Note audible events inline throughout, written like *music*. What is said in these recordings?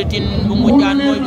Tapha Tine bu mujjaan mooy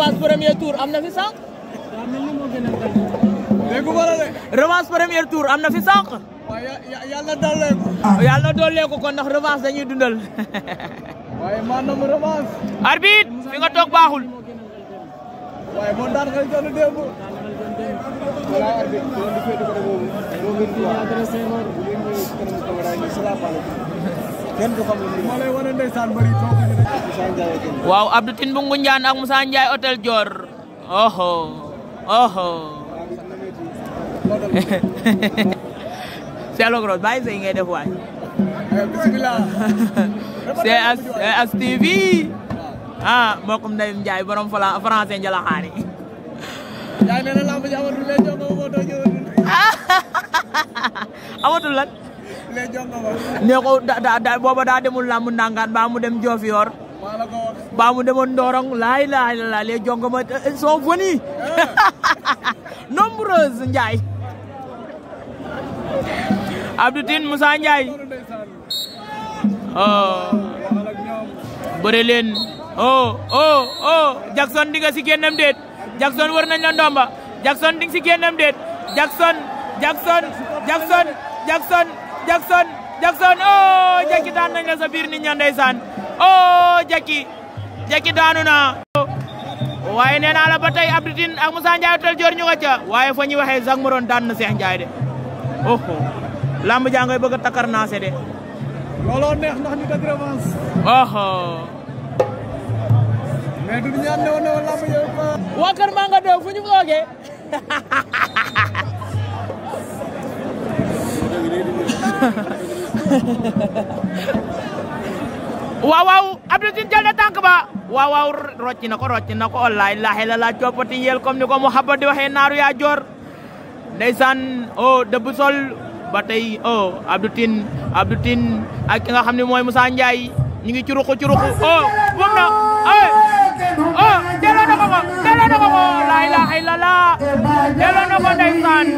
revanche premier tour am na fi sànq. déggu ma la de. am na fi sànq. waaw yàlla dooleeku. Ah, kon ndax revanche dañuy dundal. *laughs* waaye maanaam baaxul. waaye kenn waaw Abdou Tine bu Ngunjaan ak Moussa Ndiaye hôtel Dior oho oho Cheikh Lô Gros bàyyi sey ngay def waay eh, bismillah *laughs* ah mbokkum ndeyum Ndiaye borom fala français njalaxaani Ndiaye nee na lamb *laughs* neko da da da booba daa demul làmb ndàngaan ba mu dem Diofior ba mu demoon Ndorong laay laay la les jongoma so venus eh. *laughs* nombreuses Ndiaye Abdou Tine Moussa oh bëre oh oh oh Jackson diga nga si génnam det Jackson war nañ la ndomba Jackson di nga si det, jackson Jackson Jackson Jackson Jackson Jackson Jackson oh Jackie dan nang la sa biir nit ña oh Jackie, Jackie daanu na waaye nee naa la ba tey Abdou Tine ak Moussa Ndiaye tel joor ñu nga ca waaye fa ñuy waxee Zak Moron daan na Cheikh Ndiaye de oh, oh. lamb jaa ngay bëgg takar na naase de Lolo neex ndax ñu dëgg revanche oh, oh. mais du ñaan ne woon lamb yow waa kër maa nga doo fu ñu *laughs* *laughs* waaw waaw Abdou Tine jël na tànk ba waaw waaw rocci na ko rocci na ko wallaay laaxe la laa coppati yel comme ni ko Mouhamed di waxe naaru yaa joor ndeysaan o oh, dëbb sol ba tey o oh, Abdou Tine ak ki nga xam ne mooy Moussa Ndiaye ñu ngi curuxu curuxu o oh, bum na o delloo na ko ko delloo na ko ko laa ilaaha illallaa delloo na ko ndeysaan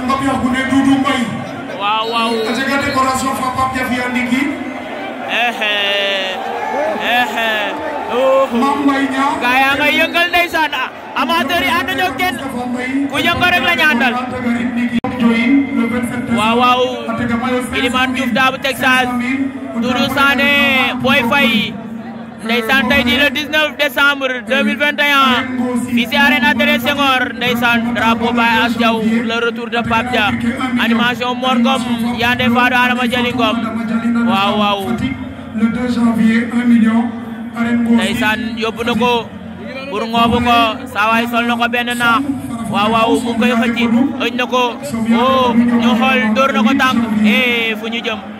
an mbaɓe hakkunde duudu mbayi waaw waaw a jega décoration fa yi ànd ñoo ku yëngo rek la ñu àndal waaw waaw Ilimane Diouf Daabu Texas Doudou Sané Boy Faye ndeysaan tey di le 19 décembre si arène Adrien Senghor ndeysaan drapeau Baye Ass Diaw le retour de Pape Dia animation Mor Ngom Yande Fado Adama Jali Ngom waaw waaw le 2 janvier ko pour ngoobu ko saawaay sol na ko benn naax waaw mu koy xëcc ëñ na ko oh ñu xool dóor na ko tànk eh fu ñu jëm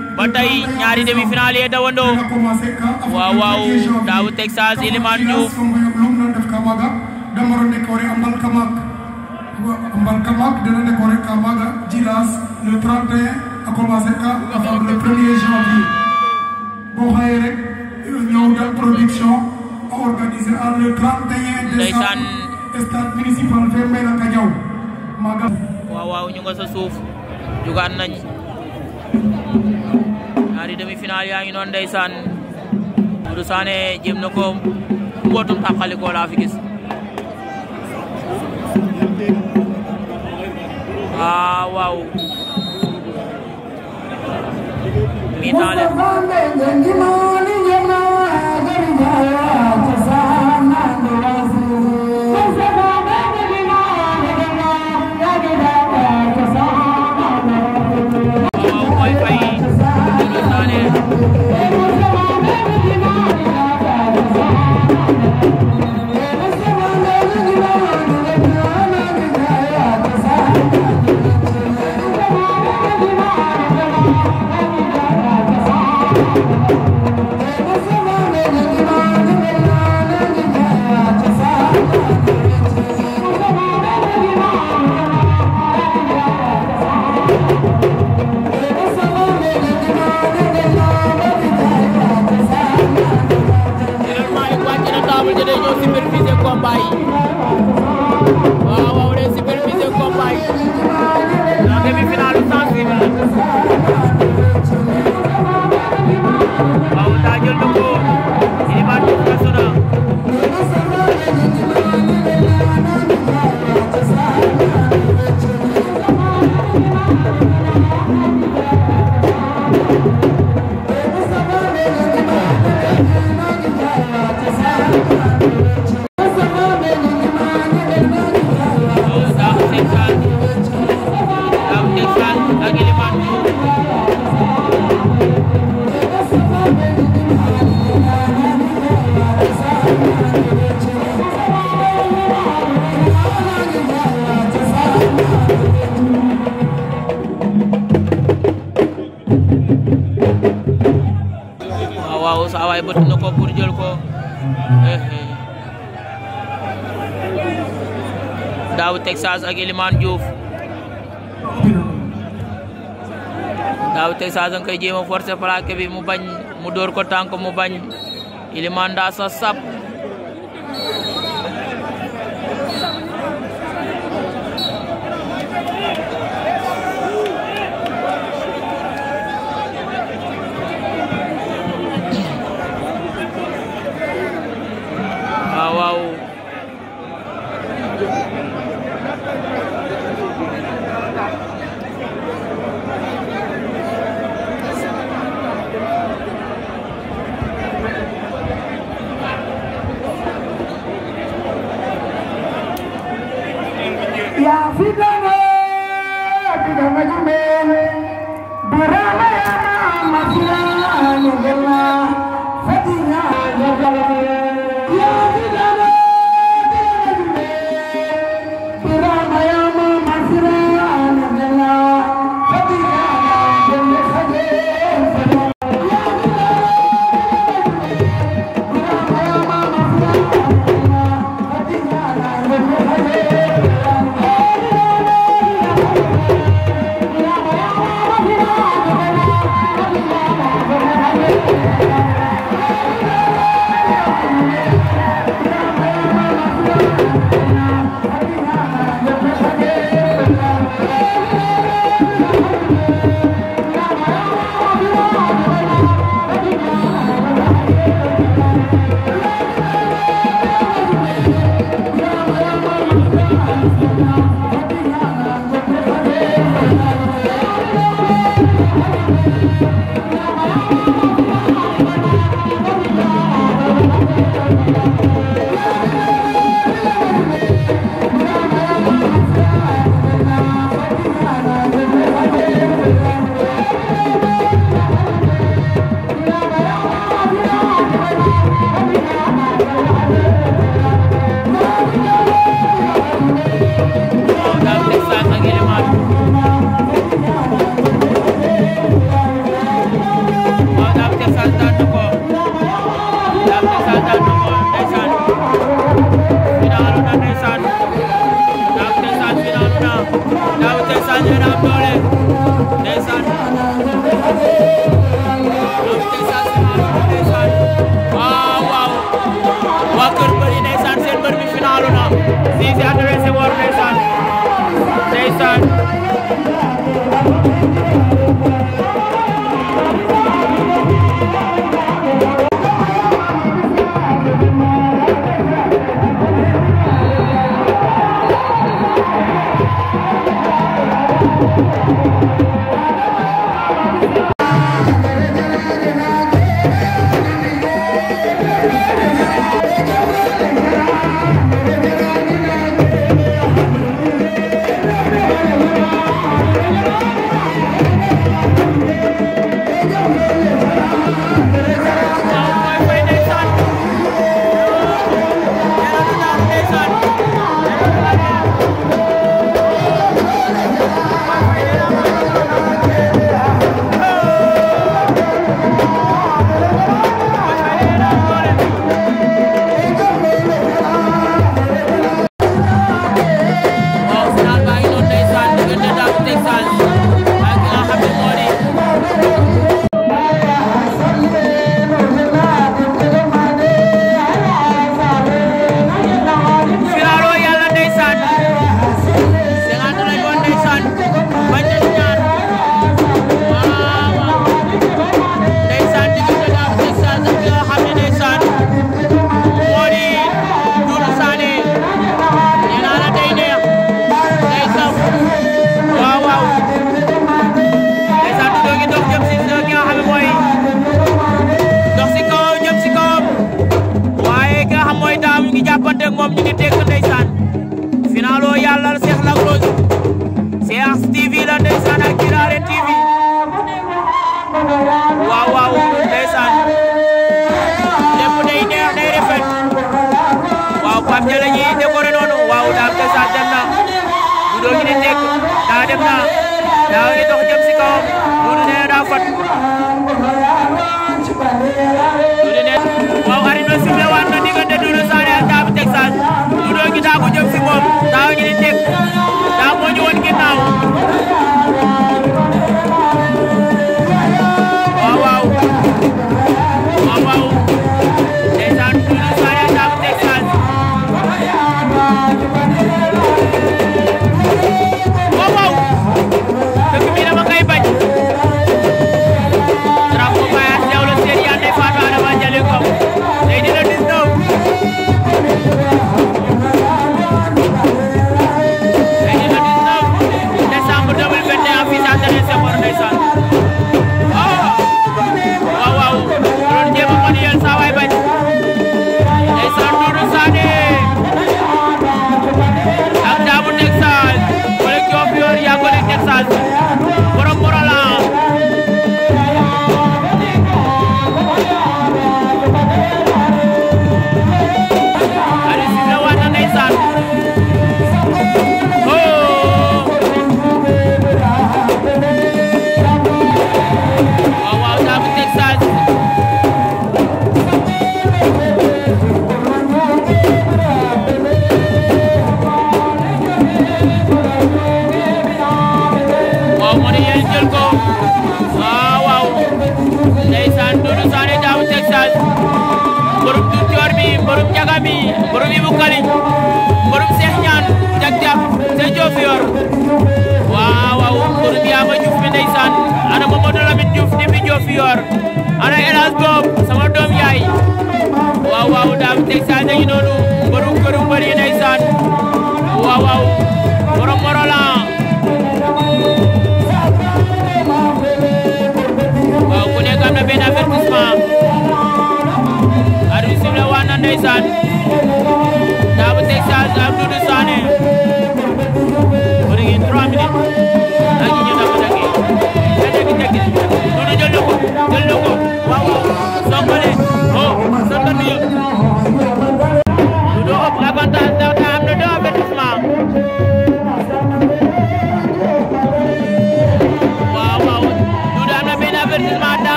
ba tey ñaari demi-finale yee dawandoo waaw waaw Texas Elimane Diouf damaro décoré ñu nga sa suuf jugaan nañ ñaari demi-finale yaa ngi noonu ndeysaan Modou Sané jéem na ko mbootum tàqalikoo laa fi gis waaw ah, waaw mi taale ko pour jël ko daaw Texas ak Elimane Diouf daaw Texas nga koy jéem a forcer mu bañ mu dóor ko tànk mu bañ Elimane daa sa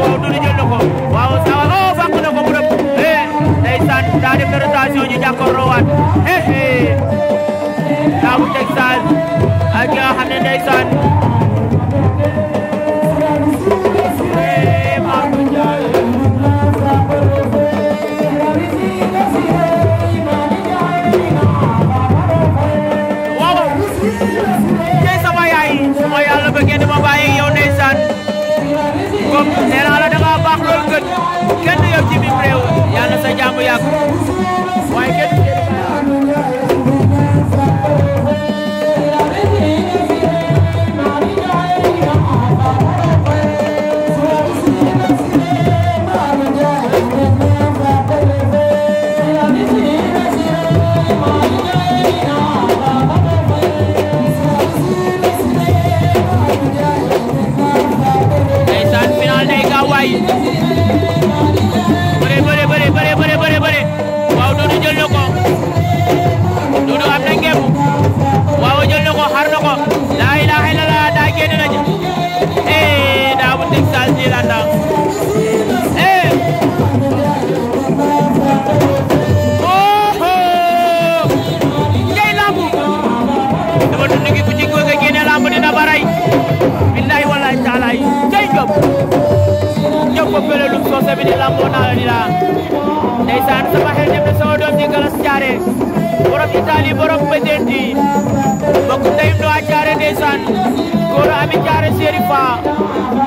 waaw Doudou jël na ko waaw sawar oh fàq na ko mu rëbb eh ndeysaan daa def rotation ñu jàkkaarloo waat eh eh Saabu di lamboo naa la ni la ndeysaan sama xel dem na sama doom di galas caare borom Italie borom Bedenti bokk ndeyum no a caare ndeysaan góor ami caare Serifa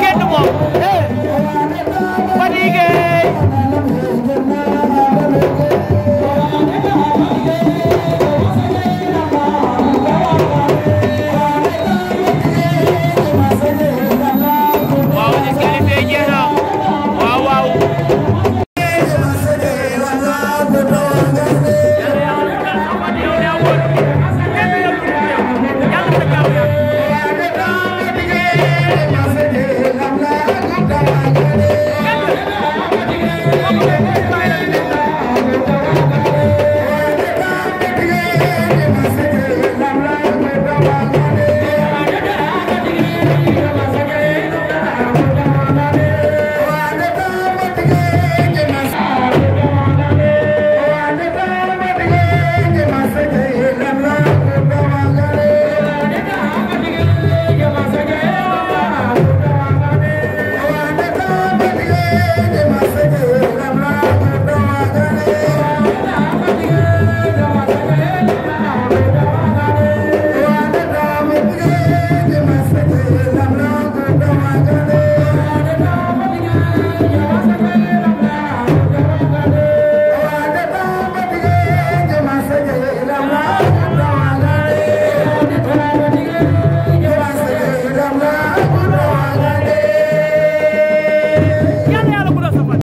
kenn